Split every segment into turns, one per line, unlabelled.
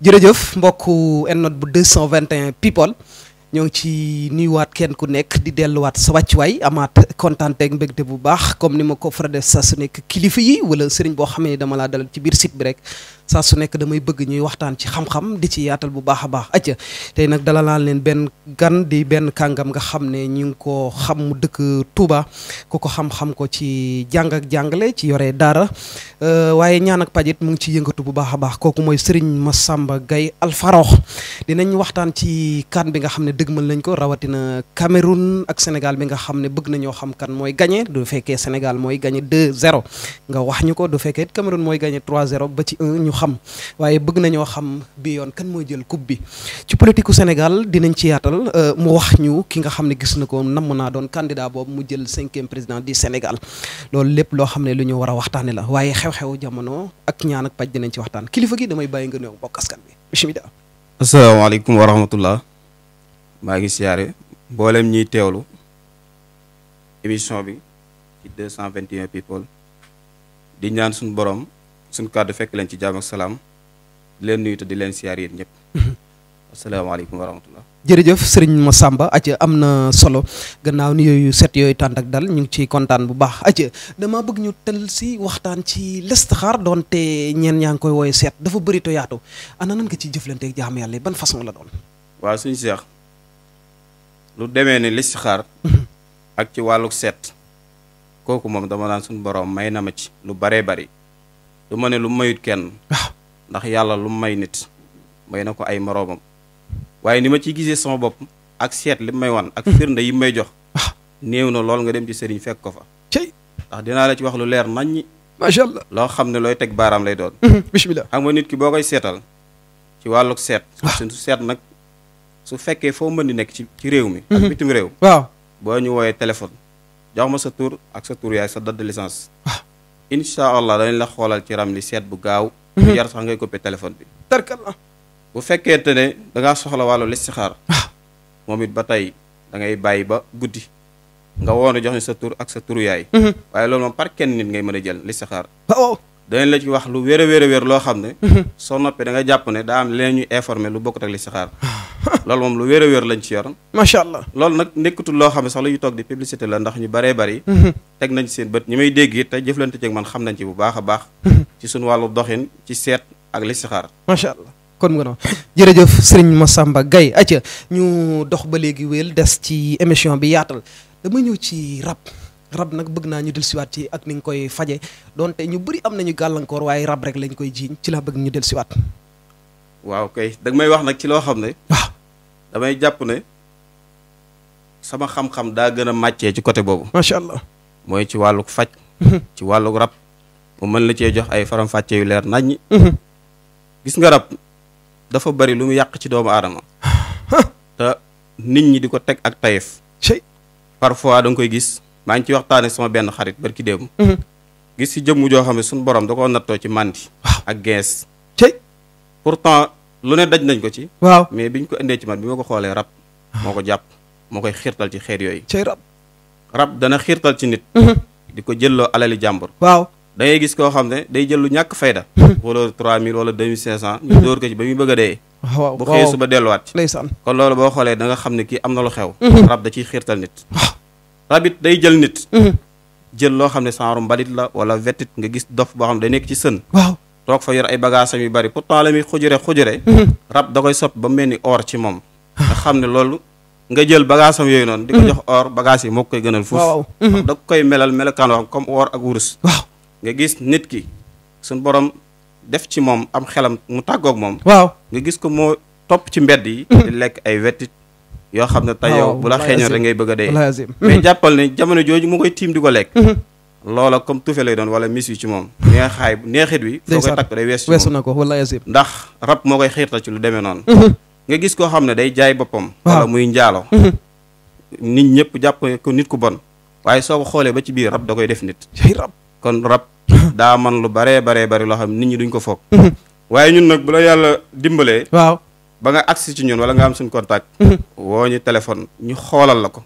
jërëjëf mbokku ennot bu 221 people ñoo ngi ci nuyuwaat kenn ku nekk di delluwaat sa wàccuwaay amaat kontaan ak mbégte bu baax comme ni ma ko faral def saa su nekk kilifa yi wala sëriñ boo xamee dama laa dalal ci biir site bi rek. saa su nekk damay bëgg ñuy waxtaan ci xam-xam di ci yaatal bu baax a baax acca tey nag dala laan leen benn gan di benn kàngam nga xam ne ñu ngi ko xam mu dëkk Touba ko ko xam-xam ko ci jàng ak jàngale ci yore daara euh, waaye ñaan ak pajit mu ngi ci yëngatu bu baax a baax kooku mooy Serigne Massamba Gaye Alfaroox dinañ waxtaan ci kan bi nga xam ne dëgg dëgmal nañ ko rawatina Cameroun ak Sénégal bi nga xam ne bëgg nañoo xam kan mooy gagné du fekkee Sénégal mooy gagné 2-0 nga wax ñu ko du fekkee Cameroun mooy gagné 3-0 xam waaye bëgg nañoo xam bi yoon kan mooy jël coupe bi ci politiku Sénégal dinañ ci yaatal euh, mu wax ñu ki nga xam ne gis na ko namm naa doon candidat boobu mu jël cinquième président du Sénégal loolu lépp loo xam ne lu ñu war a waxtaane la waaye xew-xew jamono ak ñaan ak paj dinañ ci waxtaan kilifa gi damay bàyyi nga néew bokk
askan bi bismillah asalaamaaleykum wa rahmatullah maa ngi siyaare mboolem ñiy teewlu émission bi ci 221 people di ñaan suñu boroom suñ kàddu fekk leen ci jaam ak salaam di leen nuyu di leen siyaar yéen ñëpp mhm. asalaamaaleykum wa rahmatullah
jërëjëf sëriñ Massamba acca am na solo gannaaw ni yooyu set yooyu tànt ak dal ñu ngi ciy kontaan bu baax acca dama bëgg ñu tel si waxtaan ci xaar doon te ñeen ñaa ngi koy wooye seet dafa bëri to yaatu ana nan nga ciy jëflanteeg jaam yàlla ban façon la doon
waa suñu seex lu demee ni listixaar mhm. ak ci wàllu seet kooku moom dama naan suñu borom may na ma ci lu baree bari du ma ne lu mayut kenn ndax yàlla lu may nit may na ko ay moroomam waaye ni ma ci gisee sama bopp ak seet li may wan ak hmm. firnde yi may jox néew na lool nga dem ci sëriñ fekk ko fa cey ndax la ci wax lu leer naññi macha loo xam ne looy teg baaraam lay doon hmm, bismillah xam ki boo koy seetal ci wàlluk seet su seet nag su fekkee foo mën ni nekk ci ci réew mi ak hmm. bitim réew boo ñu wooyee téléphone jox ma sa tur ak sa tur yaay sa date de incha allah dañ la xoolal ci ram li seet bu gaaw yar mhm. sax ngay coupé téléphone bi tarkal la bu fekkente ne da soxla wàllu listixaar moom it ba tey da ngay bàyyi ba guddi nga woonu jox ni sa tur ak sa turu yaay mhm. waaye loolu moom par kenn nit ngay mën a jël listixaar waaw ah, oh. danañ la ci wax lu wér a a wér loo xam ne mhm. soo noppee da nga jàpp ne daa am leneen ñuy informé lu bokkut ak listixaar ah. loolu moom lu wér a wér lañ ci yoroon macha allah loolu nag nekkatul loo xam ne sax lu ñu toog di publicité la ndax ñu baree bari mhm. teg nañ seen bët ñi may dégg it te jëflante ceeg man xam nañ ci bu baax a baax mhm. ci suñu wàllu doxin ci seet ak listixaar
macha allah kon mu nga noonu jërëjëf sëriñ Massamba Gaye acca ñu dox ba léegi wéel des ci émission bi yaatal dama ñëw ci rab rab nag bëgg naa ñu siwaat yi ak ni nga koy faje donte ñu bari am nañu gàllankoor waaye rab rek lañ koy jiiñ ci laa bëgg ñu dellusiwaat
waaw kay da may wax nag ci loo xam ne. damay jàpp ne sama xam-xam daa gën a màccee ci côté boobu. macha allah mooy ci wàllug faj. Mhm. ci wàllug rab. mu mën la cee jox ay faram-fàcce yu leer naññi. Mhm. gis nga rab dafa bari lu mu yàq ci doomu aadama. te nit ñi di ko teg ak tayef. parfois da nga koy gis maa ngi ci waxtaane sama benn xarit barki démb. Mhm. gis ci jëmm joo xam ne suñ borom da koo nattoo ci màndi. ak gees. pourtant lu ne daj nañ ko ci. waaw mais ñu ko indee ci man bi ma ko xoolee rab. moo ko jàpp moo koy xiirtal ci xeet yooyu. cay rab rab dana xiirtal ci nit. Mhm. di ko jël loo alali jàmbur. waaw da gis koo xam ne day jël lu ñàkk fayda. Mhm. wala 3000 wala 2500. ñu mhm. dóor ko ci ba muy bëgg a dee. waaw bu xëyee suba delluwaat ci. ndeysaan kon loolu boo xoolee danga xam ne kii am na lu xew. rab da ciy xiirtal nit. rabit day jël nit. jël loo xam ne saaru mbalit la wala wetit nga gis dof boo xam ne day nekk ci sën. toog fa yor ay bagage yu bari pourtant la muy xujure xujure mhm. rab da koy sopp ba mel ni oor ci moom nga xam ne loolu nga jël bagage yooyu noonu di ko mhm. jox or bagage yi moo koy gënal fuuf mhm. da koy melal melokaan wax comme or ak wurus waaw nga gis nit ki suñ borom def ci moom am xelam mu tàggook moom waaw nga gis ko moo topp ci mbedd yi di lekk ay wettit yoo xam ne tey yow bu la xeeñoon rek ngay bëgg a dee mais jàppal ne jamono jooju mu koy tiim di ko lekk loola comme tufe lay doon wala miss yu ci moom neexaay neexit wi foo koy takk day weesu weesu na ko wala yasib ndax rab moo koy xiirta ci lu demee noonu mhm. nga gis koo xam ne day jaay boppam muy njaalo mhm. nit ñëpp jàpp ko nit ku bon waaye soo ko xoolee ba ci biir rab da koy def nit rab kon rab daa man lu baree baree bari loo xam nit ñi duñ ko foog mhm. waaye ñun nag bu la yàlla dimbalee ba nga agsi ci ñun wala nga am suñ contact woo ñu téléphone ñu xoolal la ko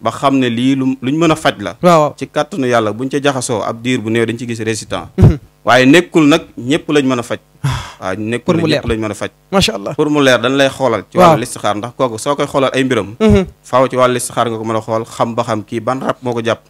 ba xam ne lii lu ñu mën a faj la waaw ci kàttanu yàlla ñu ca jaxasoo ab diir bu néew dañ ci gis résultat mhm. waaye nekkul nag ñëpp lañ mën a faj ah. waaw nekkul nag ñëpp lañ mën a faj macha allah pour mu leer dañ lay xoolal ci wàllu listixaar ndax kooku soo koy xoolal ay mbiram mhm. faaw ci wàllu listixaar nga ko mën a xool xam ba xam kii ban rab moo ko jàpp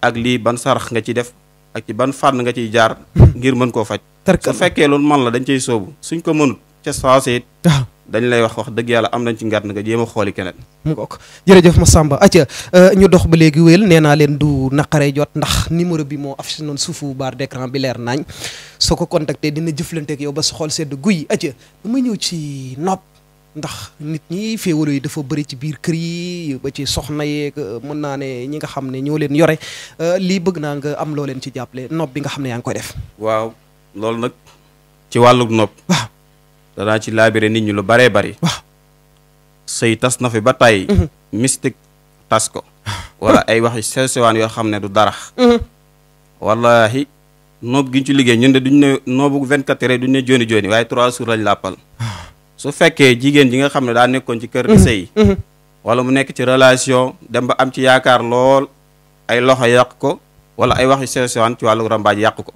ak lii ban sarax nga ci def ak ci ban fànn nga ciy jaar mhm. ngir mën koo faj su fekkee loolu man la dañ cay soobu suñ ko mënut espace ah. dañ lay wax wax dëgg yàlla am nañ ci ngat nga jéem a xooli keneen mu
ngook jërëjëf Massamba aca euh, ñu dox ba léegi wéel nee naa leen du naqare jot ndax numéro bi moo affiché noonu suufu barre d'écran bi leer naañ soo ko contacté dina jëflante yow ba sa xool sedd guy aca dama ñëw ci nopp ndax nit ñi féewaloo yi dafa bëri ci biir kër yi ba ci soxna yeeg euh, mën naa ne ñi nga xam ne ñoo leen yore euh, lii bëgg naa nga am loo leen ci jàppale nopp bi nga xam ne yaa ngi koy def
waaw loolu nag ci wàllug nopp danaa ci laabire nit ñu lu baree bari waaw sëy tas na fi ba tàyyi mm-hmm. mystique tas ko ah. wala ay waxi sew sewaan yoo xam ne du dara mm-hmm. wallahi noob gi ci liggéey ñun de duñ ne noobu vingt quatre heures duñ ne jooni jooni waaye trois jours lañ làppal ah. su fekkee jigéen ji nga xam ne daa nekkoon ci kër di sëy mm-hmm. wala mu nekk ci relation dem ba am ci yaakaar lool ay loxo yàq ko wala ay waxi sew sewaan ci wàllu rambaaj yàq ko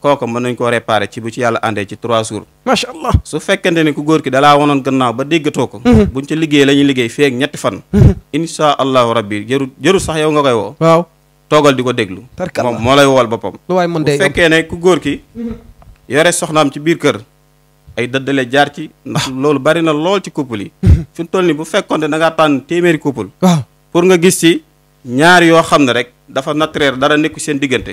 kooka mën nañ koo réparer ci bu ci yàlla àndee ci trois jours macha allah su fekkente ni ku góor ki dalaa wonoon gannaaw ba déggatoo ko mhm. buñ ci liggéey la ñuy liggéey feek ñetti fan mhm. insha allahu rabbi jëru jërul sax yow nga koy woo waaw toogal di ko déglu moom moo lay wool boppam lu waay mën bu fekkee ne ku góor ki mhm. yore soxnaam ci biir kër ay dëddale jaar ci ndax loolu bari na lool ci couple yi fi mu toll nii bu fekkoonte ne da ngaa tànn téeméeri couple pour nga gis ci ñaar yoo xam ne rek dafa naturel dara nekku seen diggante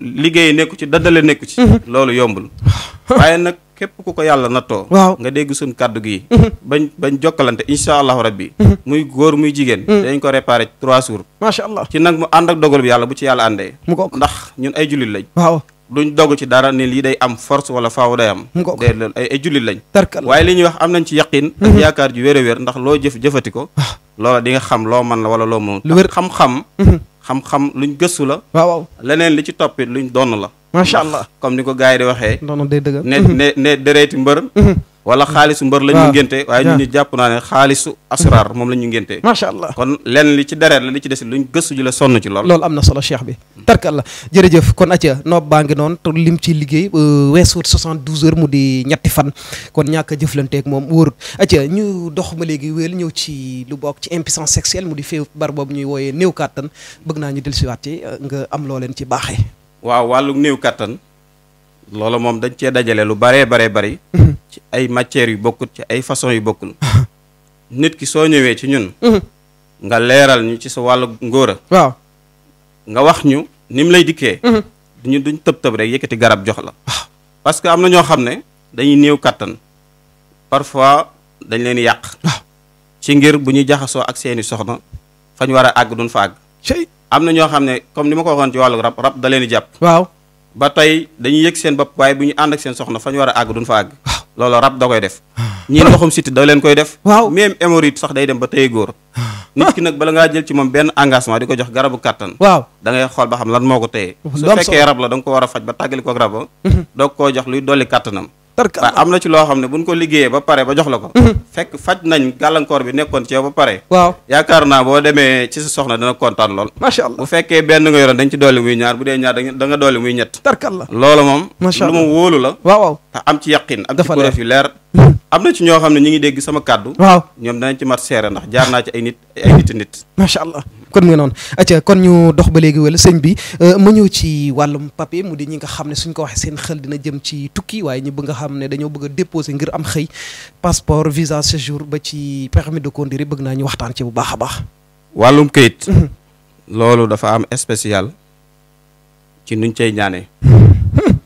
liggéey nekku ci daddale nekku ci mhm. loolu yombul waaye nag képp ku ko yàlla nattoo waaw nga dégg suñ kàddu gi mhm. bañ bañ jokkalante insha allahu rabbi mhm. muy góor muy jigéen dañ ko réparé trois jours macha allah ci nag mu ànd ak dogal bi yàlla bu ci yàlla àndee
mu ko ndax
ñun ay jullit lañ waaw duñ dogg ci dara ne lii day am force wala faaw day am de loolu ay ay jullit lañ waaye li ñuy wax am nañ ci yaqin ak yaakaar ju wér a wér ndax loo jëf jëfati ko ah. loola di nga xam loo man la wala loo mënul xam-xam luñ gëstu la. waaw leneen li ci toppit luñ donn la. macha allah comme ni ko gars yi di waxee.
donn day dëgg ne
ne ne dereeti mbër. Mm-hmm. wala xaalisu mbër la ngénte waaye ñu ni jàpp naa ne xaalisu asrar moom la ñu ngénte macha allah kon lenn li ci deret la li ci des luñ gëstu ji la sonn ci lool loolu
am na solo cheikh bi tarkal la jërëjëf kon aca noob baa ngi noonu te lim ci liggéey euh, weesuut 72 heures mu di ñetti fan kon ñàkk a moom wóorut aca ñu dox ma léegi wéelu ñëw ci lu bokk ci impuissance sexuelle mu di feebar boobu ñuy wooyee néew kàttan bëgg naa ñu waat ci euh, nga am loo leen ci baaxee
waaw wàllu néew kàttan loola moom dañ cee dajale lu baree baree bari mhm. ci ay matières yu bokkul ci ay façon yu bokkul nit ki soo ñëwee ci ñun mhm. nga leeral ñu ci sa wàllu ngóora waaw nga wax ñu ni mu lay dikkee mhm. duñu duñ tëb tëb rek yëkkati garab jox la ah. parce que am na ñoo xam ne dañuy néew kàttan parfois dañ leen yàq ah. ci ngir bu ñuy jaxasoo ak seeni soxna fañ war a àgg duñ fa àgg am na ñoo xam ne comme ni ma ko waxoon ci wàllu rab rab leen di jàpp waaw ba tey dañuy yëg seen bopp waaye bu ñu ànd ak seen soxna fañ war a àgg duñ fa àgg loolu rab da koy def ñii ndoxum siti da leen koy def waaw même hémorroïde sax day dem ba tey góor nit ki nag bala ngaa jël ci moom benn engagement di ko jox garabu kàttan waaw da ba xam lan moo ko téye su fekkee rab la da nga ko war a faj ba tàggali ko rab ba doog koo jox luy dolli kàttanam tarka am na ci loo xam ne buñ ko liggéeyee ba pare ba jox la ko mhm. fekk faj nañ gàllankoor bi nekkoon ci yow ba pare waaw yaakaar naa boo demee ci sa soxna dana kontaan lool macha allah bu fekkee benn nga yoroon dañ ci dolli muy ñaar bu dee ñaar da nga dolli muy ñett tarka la loolu moom lu ma wóolu la waaw waaw am ci yaqin am ci preuve yu leer mhm. am na ci ñoo xam ne ñu ngi dégg sama kàddu waaw ñoom danañ ci mat seere ndax jaar naa ci ay nit ay nit nit
macha allah kon nga noonu acca kon ñu dox ba léegi wala sëñ bi euh, ma ñëw ci wàllum papier mu di ñi nga xam ne suñ ko waxee seen xel dina jëm ci tukki waaye ñu bëgg nga xam ne dañoo bëgg a déposer ngir am xëy passeport visa séjour ba ci permis de conduire bëgg naa ñu waxtaan ci bu baax a baax
wàllum këyit mhm. loolu dafa am spécial ci nuñ cay ñaanee mhm.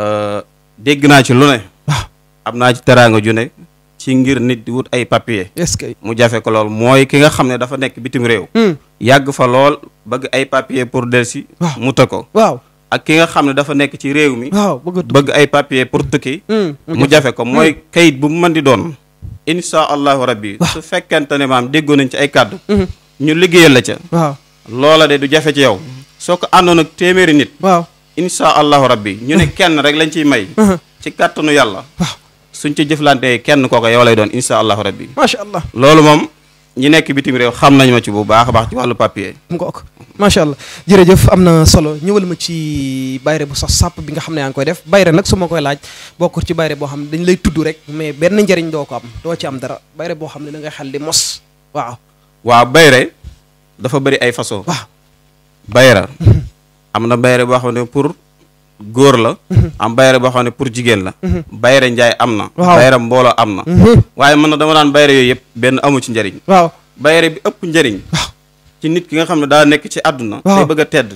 euh, dégg naa ci lu ne ah. am naa ci teraanga ju ne ci ngir nit di wut ay papier est-ce que mu jafe ko lool mooy ki nga xam ne dafa nekk bitim réew hmm. yàgg fa lool bëgg ay papier pour delsi mu të ko waaw ak ki nga xam ne dafa nekk ci réew mi waaw bëgg ay papier pour hmm, tukki mu jafe ko mooy hmm. kayit bu mu mën di doon insha allahu rabbi su fekkente ne maam déggoo nañ ci ay kàddu ñu liggéeyal la ca loola de du jafe ci yow soo ko àndoon ak téeméeri nit waaw insha allahu rabbi ñu ne kenn rek lañ ciy may ci kàttanu yàlla suñ ca jëflantee kenn kooka yow lay doon insha allahu rabbi macha allah loolu moom ñi nekk bitim réew xam nañ ma ci bu baax a baax ci wàllu papier
mu ko ok macha allah jërëjëf am na solo ñëwal ma ci bayre bu sax sàpp bi nga xam ne yaa ngi koy def bayre nag su ma koy laaj bokkul ci bayre boo xam ne dañ lay tudd rek mais benn njariñ doo ko am doo ci am dara bayre boo xam ne da nga xel di mos waaw
waa bayre dafa bëri ay façon waaw bayra am na bayre boo xam ne pour góor la mhm. am bayre boo xam ne pour jigéen la mhm. bayre njaay am na bayre mbooloo am na mhm. waaye man na dama daan bayre yooyu yëpp benn amu ci njariñ waaw bayre bi ëpp njariñ ci nit ki nga xam ne daa nekk ci àdduna te bëgg a tedd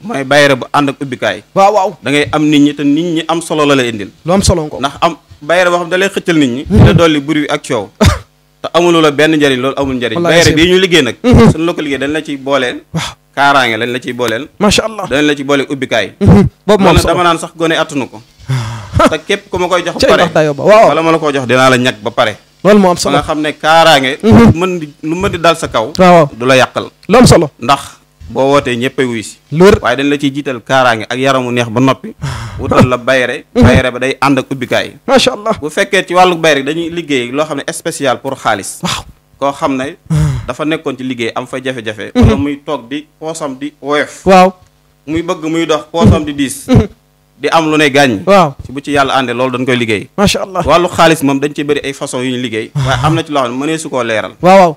mooy bayre bu ànd ak da am nit ñi te nit ñi am solo la la indil lu am solo ko ndax am bayre boo xam ne da lay xëccal nit ñi te dolli buri ak coow te amuloo la benn njariñ loolu amul njariñ bayre bii ñu liggéey nag suñu la ko liggéey dañ ci boolee kaaraange lañ la ciy booleel. macha allah dañ la ci boole ubbikaay. Mhm. boobu moom dama naan sax gone attunu ko. te képp ma la koo jox dinaa la ñag ba pare. loolu moo am solo ne ndax. boo wootee ñëppay wuy si waaye dañ la ciy jiital kaaraange ak yaramu neex ba noppi wutal la bayre mhm. bayre ba day ànd ak ubbikaay macha allah bu fekkee ci wàllu bayre dañuy liggéey loo xam ne spécial pour xaalis koo xam na dafa nekkoon ci liggéey am fa jafe-jafe mm-hmm. wala muy toog di poosam di woyof waaw muy bëgg muy dox poosam di diis mm-hmm. di am lu ne gàññ waaw ci bu ci yàlla àndee loolu dañ koy liggéey wàllu xaalis moom dañ ci bëri ay façon yu ñu liggéey ah. waaye am na ci loo xam ne mënee su koo leeral waaw waaw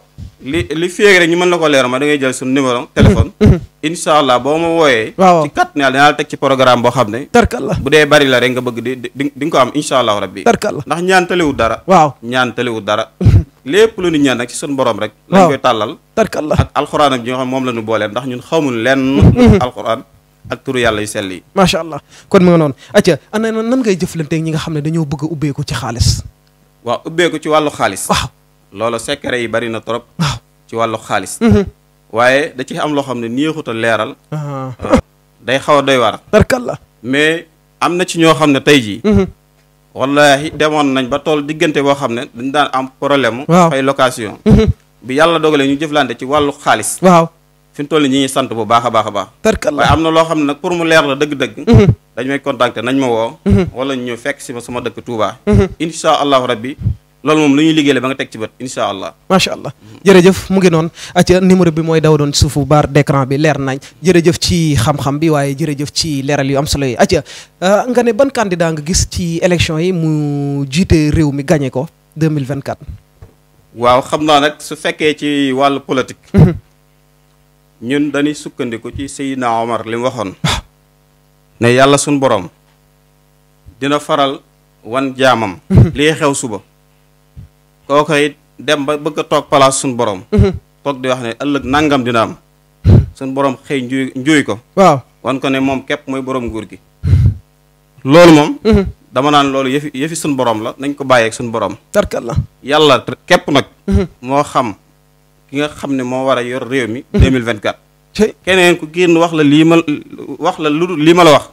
li li féeg rek mën la ko leeral ma da ngay jël suñu numéro téléphone mm-hmm. incha allah boo ma wooyee. waaw ci kat ne dinaa la teg ci programme boo xam ne. tarkal la bu dee bari la rek nga bëgg di di am incha allah rabbi. tarkal ndax ñaan dara. waaw ñaan dara. lépp lu ñu ñaan rek ci sunu borom rek. lañ koy tàllal. tarkal la ak alxuraan ak ñi nga xam moom la ñu booleel ndax ñun xamuñu lenn. alxuraan. ak turu yàlla yu sell yi.
macha allah kon mu nga noonu acca ana nan ngay jëflanteeg ñi nga xam ne dañoo bëgg a ubbeeku ci xaalis.
waaw ubbeeku ci wàllu xaalis. waaw loolu secret yi bari na trop. waaw ci wàllu xaalis. Mm-hmm. waaye da ci am loo xam ne neexut a leeral.
Uh-huh.
day xaw a doy waar. tarkalla mais am na ci ñoo xam ne tey jii. Mm-hmm. wallahi demoon nañ ba tool diggante boo xam ne dañ daan am problème. waaw fay location. Mm-hmm. bi yàlla dogalee ñu jëflante ci wàllu xaalis. waaw fi mu toll ñu ngi sant bu baax a baax a baax. tarkalla waaye am na loo xam ne nag pour mu leer la dëgg-dëgg. Mm-hmm. dañ may contacter nañ ma woo. wala ñu ñëw fekk si ma sama dëkk Touba. incha allahu rabbi loolu moom lu ñuy liggéey la ba nga teg ci bët incha allah
macha allah jërëjëf mu ngi noonu aca numéro bi mooy daw doon suufu baar d'écran bi leer nañ jërëjëf ci xam-xam bi waaye jërëjëf ci leeral yu am solo yi aca euh, nga ne ban candidat nga gis ci élection yi mu jiite réew mi gagné ko 2024
waaw xam naa nag su fekkee ci wàllu politique mhm. ñun dañuy sukkandiku ci Seydina Omar li waxoon ah. ne yàlla suñ boroom dina faral wan jaamam mhm. lii xew suba kooka it dem ba bëgg a toog place suñu borom. Mhm. toog di wax ne ëllëg nangam dina am. Mhm. suñu boroom xëy njuy njuy ko. waaw wan ko ne moom képp mooy borom nguur gi. Mhm. loolu moom. dama naan loolu yëfi yëfi suñ boroom la nañ ko bàyyeeg suñ borom. tarkal la yàlla képp nag. moo xam ki nga xam ne moo war a yor réew mi. 2024. keneen ku génn wax la lii ma wax la lu lii ma la wax.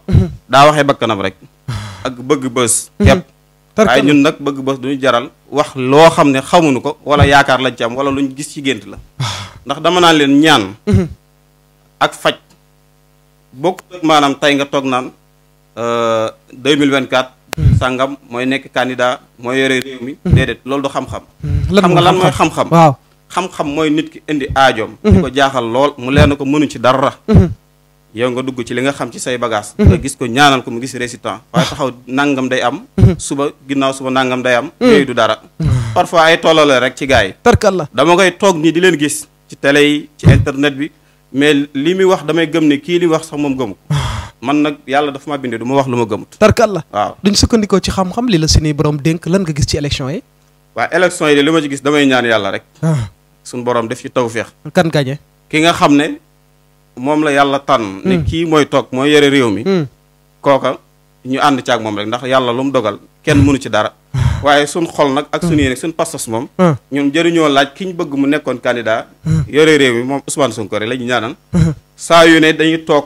daa waxee bakkanam rek. Ah. ak bëgg bës. képp. waaye ñun nag bëgg bës duñu jaral wax loo xam ne xamuñu ko wala hmm. yaakaar lañ ci am wala luñ gis ci gént la ndax dama naan leen ñaan hmm. ak faj bokk maanaam tey nga toog naan 2024 euh, hmm. sàngam mooy nekk candidat mooy yore réew mi déedéet loolu du xam-xam xam nga lan mooy xam-xam mooy nit ki indi aajoom di ko jaaxal lool mu leen na ko mënu ci dara yow nga dugg ci li nga xam ci say bagage mhm. nga gis ko ñaanal ko mu gis récitant waaye ah. taxaw nangam day am mhm. suba ginnaaw suba nangam day am mhm. yooyu du dara parfois ay tollale rek ci gaa yi tarkal la dama koy toog nii di leen gis ci télé yi ci internet bi mais li muy wax damay gëm ne kii li wax sax moom gëmu ah. man nag yàlla dafa ma bindee du ma wax lu ma gëmut tarkal la waaw
duñ sukkandikoo ci xam-xam li la suñuy borom dénk lan nga gis ci élection
yi waaw élection yi li ma ci gis damay ñaan yàlla rek ah. suñu borom def ci tawfeex kan moom la yàlla tànn mm. ne kii mooy toog mooy yore réew mi mm. kooka ñu ànd ci ak moom rek ndax yàlla lu mu dogal kenn mënu ci dara waaye suñ xol nag ak suñu mm. yéene suñ pastos moom ñun jëriñoo laaj ki ñu bëgg mu nekkoon candidat yore réew mi moom Ousmane Sonko rek la ñu ñaanal saa yu ne dañuy toog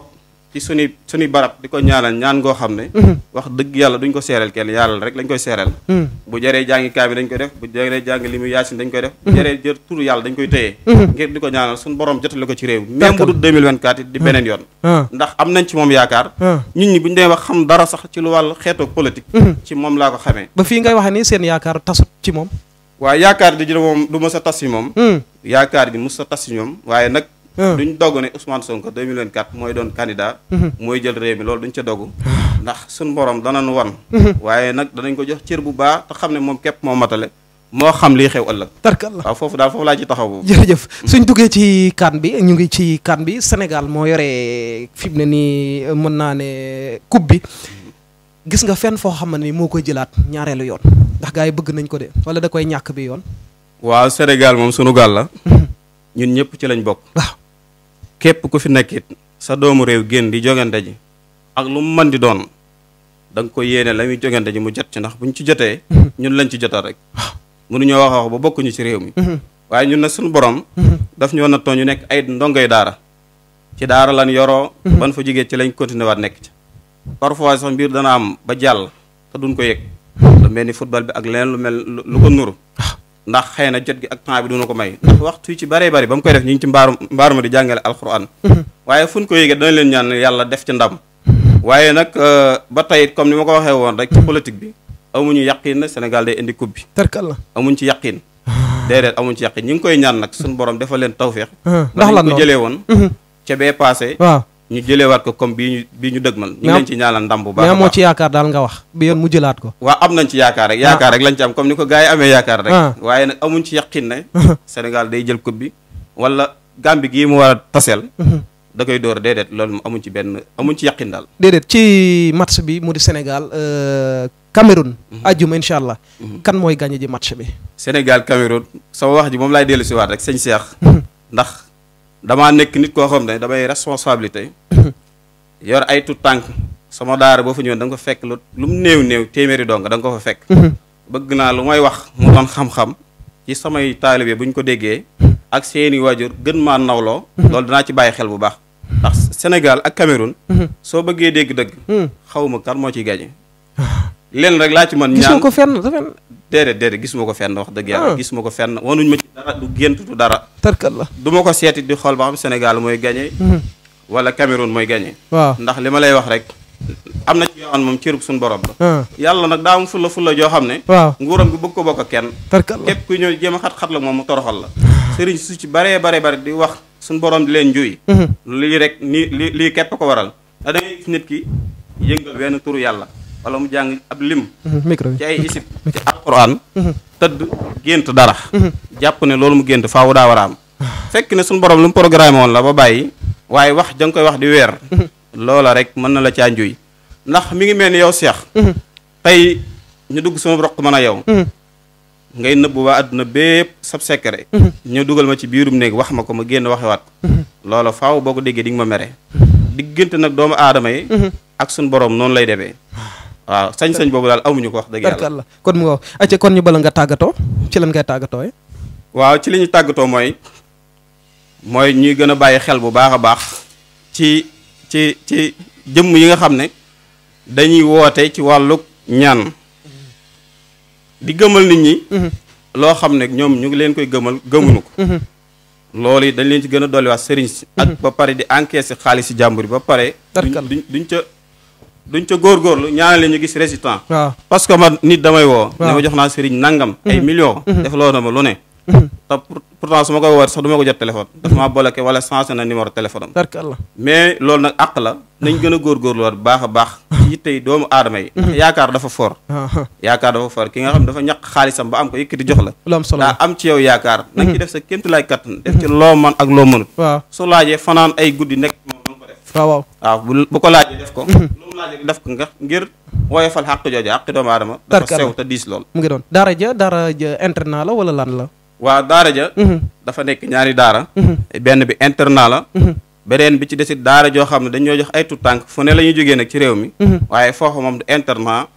ci suñu suñu barab di ko ñaanal ñaan goo xam ne mhm. wax dëgg yàlla duñ ko seereel kenn yàlla rek lañ koy seereel mhm. bu jëree jàngi kaamil dañ koy def bu jëree jàngi limu yaasin dañ koy def bu mhm. jëree jër turu yàlla dañ koy téye ngir di ko ñaanal suñu borom jotale ko ci réew même bu dul 2024 it di beneen yoon ah. ndax am nañ ci moom yaakaar ñun ah. ñi buñ dee wax xam dara sax ci lu wàll xeetoog politique ci moom laa ko xamee
ba fii ngay waxee ni seen
a hmm. a Ah. duñ dogg ne Ousmane Sonko 2024 mooy doon candidat mhm. mooy jël réew mi loolu duñ ca dogg ah. ndax suñ borom danañ wan mhm. waaye nag danañ ko jox cër bu baax te xam ne moom képp moo matale moo xam lii xew ëllëg tarkal la waaw foofu daal foofu laa ci taxaw boobu jërëjëf mhm. suñ
duggee ci kan bi ñu ngi ci kan bi Sénégal moo yore fi mu ne nii mën naa ne coupe bi gis nga fenn foo xam ne moo koy jëlaat ñaareelu yoon ndax yi bëgg nañ ko de wala da koy ñàkk bi yoon
waaw Sénégal moom sunu gaal la ñun ñëpp ci lañ bokk képp ku fi nekkit sa doomu réew génn di jogante ji ak lu mu man di doon da ko yéene la muy ji mu jot ci ndax bu buñ ci jotee mhm. ñun lañ ci jotal rek mënuñoo wax wax ba bokkuñu ci réew mi mhm. waaye ñun nag suñu borom mhm. daf ñoo nattoo ñu nekk ay ndongo yi daara ci daara lan yoroo ban fa jógee ci lañ continué waat nekk ci parfois sax mbir dana am ba jàll te duñ ko yëg lu mel ni football bi ak leneen lu mel lu ko nuru ah. ndax xëy na jot gi ak temps bi duna ko may ndax waxtu yi ci bëree bëri ba mu koy def ñu ngi ci mbaaru mbaaru ma di jàngale alquran mm-hmm. waaye fu ñu ko yéegee dana leen ñaan yàlla def ci ndam waaye nag euh, ba tey comme ni ma ko waxee woon rek ci mm-hmm. politique bi amuñu yàqiin na Sénégal de indi coupe bi la amuñ ci yàqiin déedéet amuñ ci yàqiin ñi ngi koy ñaan nag suñu borom defa leen tawféex ndax lan ko jëlee woon mm-hmm. ca bee ñu jëlewaat ko comme bii ñu bii ñu dëgmal ñu leen ci ñaanal ndam bu baax mais ci
yaakaar daal nga wax bi yoon mu jëlaat ko
waaw am nañ ci yaakaar rek yaakaar ah. rek lañ ci am comme ni ko gars yi amee yaakaar rek ah. waaye nag amuñ ci yaqin Sénégal day jël coupe bi wala Gambie gii mu war a mhm. da koy door déedéet loolu amuñ ci benn amuñ ci yaqin daal
déedéet ci match bi mu di Sénégal euh, Cameroun mhm. ajjuma incha allah mhm. kan mooy gagné ji
match bi Sénégal Cameroun sama wax ji moom laay dellu si waat rek sëñ Cheikh ndax damaa nekk nit koo xam ne damay responsabilité yor ay tout tànk sama daara boo fa ñëwoon da nga ko fekk lu lu mu néew néew téeméeri dong da nga ko fa fekk bëgg naa lu may wax mu doon xam-xam ci samay taalibe bu ñu ko déggee ak seeni waajur gën maa nawloo loolu danaa ci bàyyi xel bu baax ndax Sénégal ak Cameroun hmm. soo bëggee dégg dëgg hmm. xaw ma moo ci gañe leen rek laa ci mën ñaan ko fenn déedéet déedéet gis ma ko fenn wax dëgg yàlla ah. gis ma ko fenn wanuñ ma ci dara du gént du dara tarkal la du ko seeti di xool ba xam Sénégal mooy gagné mhm. wala Cameroun mooy gagné waaw ndax li ma lay wax rek am na ci yoo xam ne moom cërub suñu borom la ah. yàlla nag daa am fulla fulla joo xam ne waaw nguuram bi bëgg ko bokk kenn tarkal képp ku ñëw jéem a xat-xat la moom mu toroxal la sëriñ su ci baree bare bare di wax suñu borom di leen njuy mhm. lii rek nii lii képp ko waral da ngay gis nit ki yëngal benn turu wala mu jàng ab lim mhm, ci ay isib ci alquran mhm. tëdd gént dara mhm. jàpp ne loolu mu gént faawu daa war a am fekk ne suñu borom lu mu programme woon la ba bàyyi waaye wax ja koy wax di weer loola rek mën na la caa njuy ndax mi ngi mel ni yow seex tey ñu dugg sama roq mën a yow ngay nëbb waa àdduna bépp sab secret ñu dugal ma ci biirum néeg wax ma ko ma génn waxewaat ko loola faw boo ko déggee di nga ma mere diggante nag doomu aadama yi ak suñ boroom noonu lay demee ah. waaw sañ-sañ boobu daal amuñu ko wax dëgg yàlla
kon mu nga wax acca kon ñu bala nga tàggatoo ci lan ngay tàggatoo
waaw ci li ñu tàggatoo mooy mooy ñuy gën a bàyyi xel bu baax a baax ci ci ci jëmm yi nga xam ne dañuy woote ci wàllu ñan di gëmal nit ñi mhm. loo xam ne ñoom ñu ngi leen koy gëmal gëmuñu ko mhm. loolu yi dañ leen ci gën a dolliwaat sëriñ si ak mhm. ba pare di encaisser xaalis si jàmbur yi ba pare duñ ca duñ ca góorgóorlu ñaanale ñu gis résultat parce que man nit damay woo ne ma jox naa sëriñ nangam mm-hmm. ay millions mm-hmm. def loo na ma lu ne mm-hmm. te pourtant su ma koy woote sax du ma ko jot téléphone dafa maa bloqué wala changé na numéro téléphone am mais loolu nag àq la nañ gën a góorgóorluwaat baax a baax ci tey doomu aadama yi yaakaar dafa for uh-huh. yaakaar dafa for ki nga xam dafa ñaq xaalisam ba am ko yëkkati jox la daa am ci yow yaakaar nanga ci def sa kéemtulaay kattan def loo man ak loo mënut su laajee waaw waaw waaw bu ko laajee def ko hmm. lu mu laajee def ko nga ngir woyofal xàq jooju àq doomu aadama dafa sew te diis lool
mu ngi doon daara ja daara ja la wala lan la
waaw daara ja hmm. dafa nekk ñaari daara hmm. benn bi internat la beneen bi ci desit daara joo xam ne dañoo jox ay tuut tànk fu ne la ñuy nag ci réew mi waaye foofa moom du internat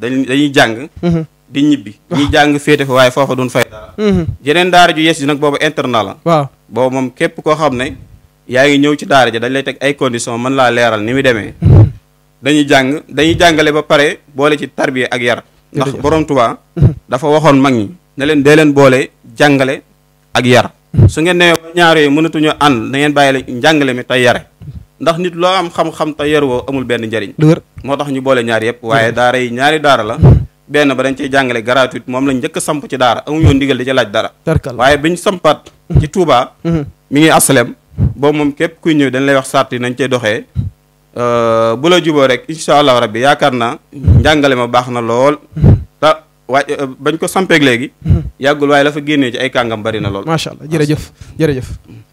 dañ dañuy jàng di ñibbi ñuy jàng féete fa waaye foofa duñ fay dara yeneen daara ju yees ji nag boobu internat la waaw boobu moom képp koo xam ne yaa ngi ñëw ci daara ji dañ lay teg ay conditions man laa leeral ni muy demee dañuy jàng dañuy jàngale ba pare boole ci tarbiya ak yar ndax borom Tuubaa mm-hmm. dafa waxoon mag ñi leen dee leen boole jàngale ak yar mm-hmm. su ngeen newee ba ñaar yooyu na ngeen njàngale mi tey yare ndax nit loo am xam-xam te yar woo amul benn njariñ moo tax ñu boole ñaar yëpp waaye mm-hmm. daara yi ñaari daara la benn ba dañ ciy jàngale gratuite moom lañ njëkk samp ci daara amuñoo ndigal di ca laaj dara waaye biñ sampaat ci Tuubaa mi ngi asalem boobu moom képp kuy ñëw dañ lay wax sart yi nañ cey doxee euh, bu la juboo rek incha allah rabbi yaakaar naa njàngale ma baax na lool mm-hmm. ta waaj euh, bañ ko sampeek léegi mm-hmm. yàggul waaye la fa génnee ci ay kàngam bari na lool macha allah jërëjëf
jërëjëf